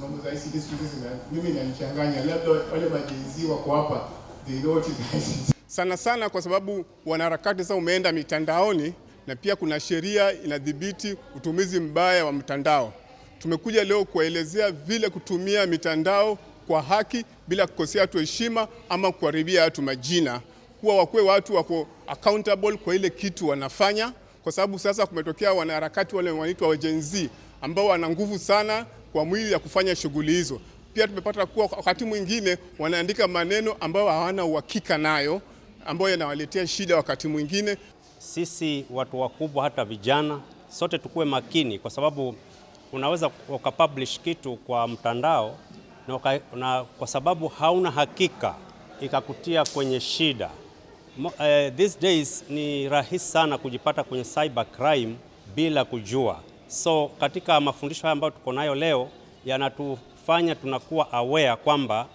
mambo za ICT siku hizi mimi inanichanganya, labda wale majenzi wako hapa they know sana sana, kwa sababu wanaharakati sasa umeenda mitandaoni na pia kuna sheria inadhibiti utumizi mbaya wa mtandao. Tumekuja leo kuwaelezea vile kutumia mitandao kwa haki bila kukosea watu heshima ama kuharibia watu majina, kuwa wakuwe watu wako accountable kwa ile kitu wanafanya, kwa sababu sasa kumetokea wanaharakati wale wanaitwa wajenzi ambao wana nguvu sana kwa mwili ya kufanya shughuli hizo. Pia tumepata kuwa wakati mwingine wanaandika maneno ambayo hawana uhakika nayo, ambayo yanawaletea shida wakati mwingine. Sisi watu wakubwa, hata vijana, sote tukuwe makini, kwa sababu unaweza ukapublish kitu kwa mtandao na, waka, na kwa sababu hauna hakika ikakutia kwenye shida. Uh, these days ni rahisi sana kujipata kwenye cyber crime bila kujua. So katika mafundisho haya ambayo tuko nayo leo yanatufanya tunakuwa aware kwamba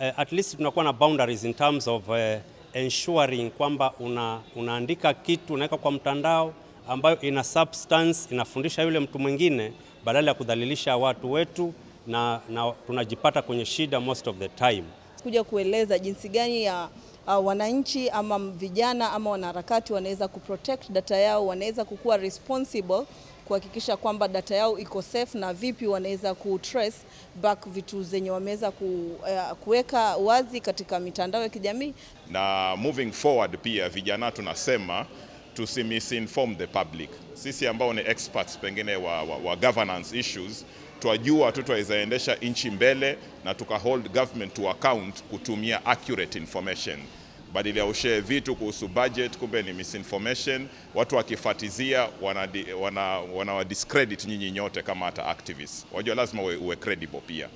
eh, at least tunakuwa na boundaries in terms of eh, ensuring kwamba una, unaandika kitu unaweka kwa mtandao ambayo ina substance inafundisha yule mtu mwingine badala ya kudhalilisha watu wetu na, na tunajipata kwenye shida most of the time. Kuja kueleza jinsi gani ya uh, wananchi ama vijana ama wanaharakati wanaweza kuprotect data yao, wanaweza kukuwa responsible kuhakikisha kwamba data yao iko safe na vipi wanaweza trace back vitu zenye wameweza eh, kuweka wazi katika mitandao ya kijamii. Na moving forward pia vijana tunasema misinform the public. Sisi ambao ni experts pengine wa, wa, wa governance issues twajua tu twawezaendesha nchi mbele na tukahold government to account kutumia accurate information badili ya ushee vitu kuhusu budget, kumbe ni misinformation. Watu wakifatizia wanawadiscredit wana, wana nyinyi nyote kama hata activists. Wajua lazima uwe credible pia.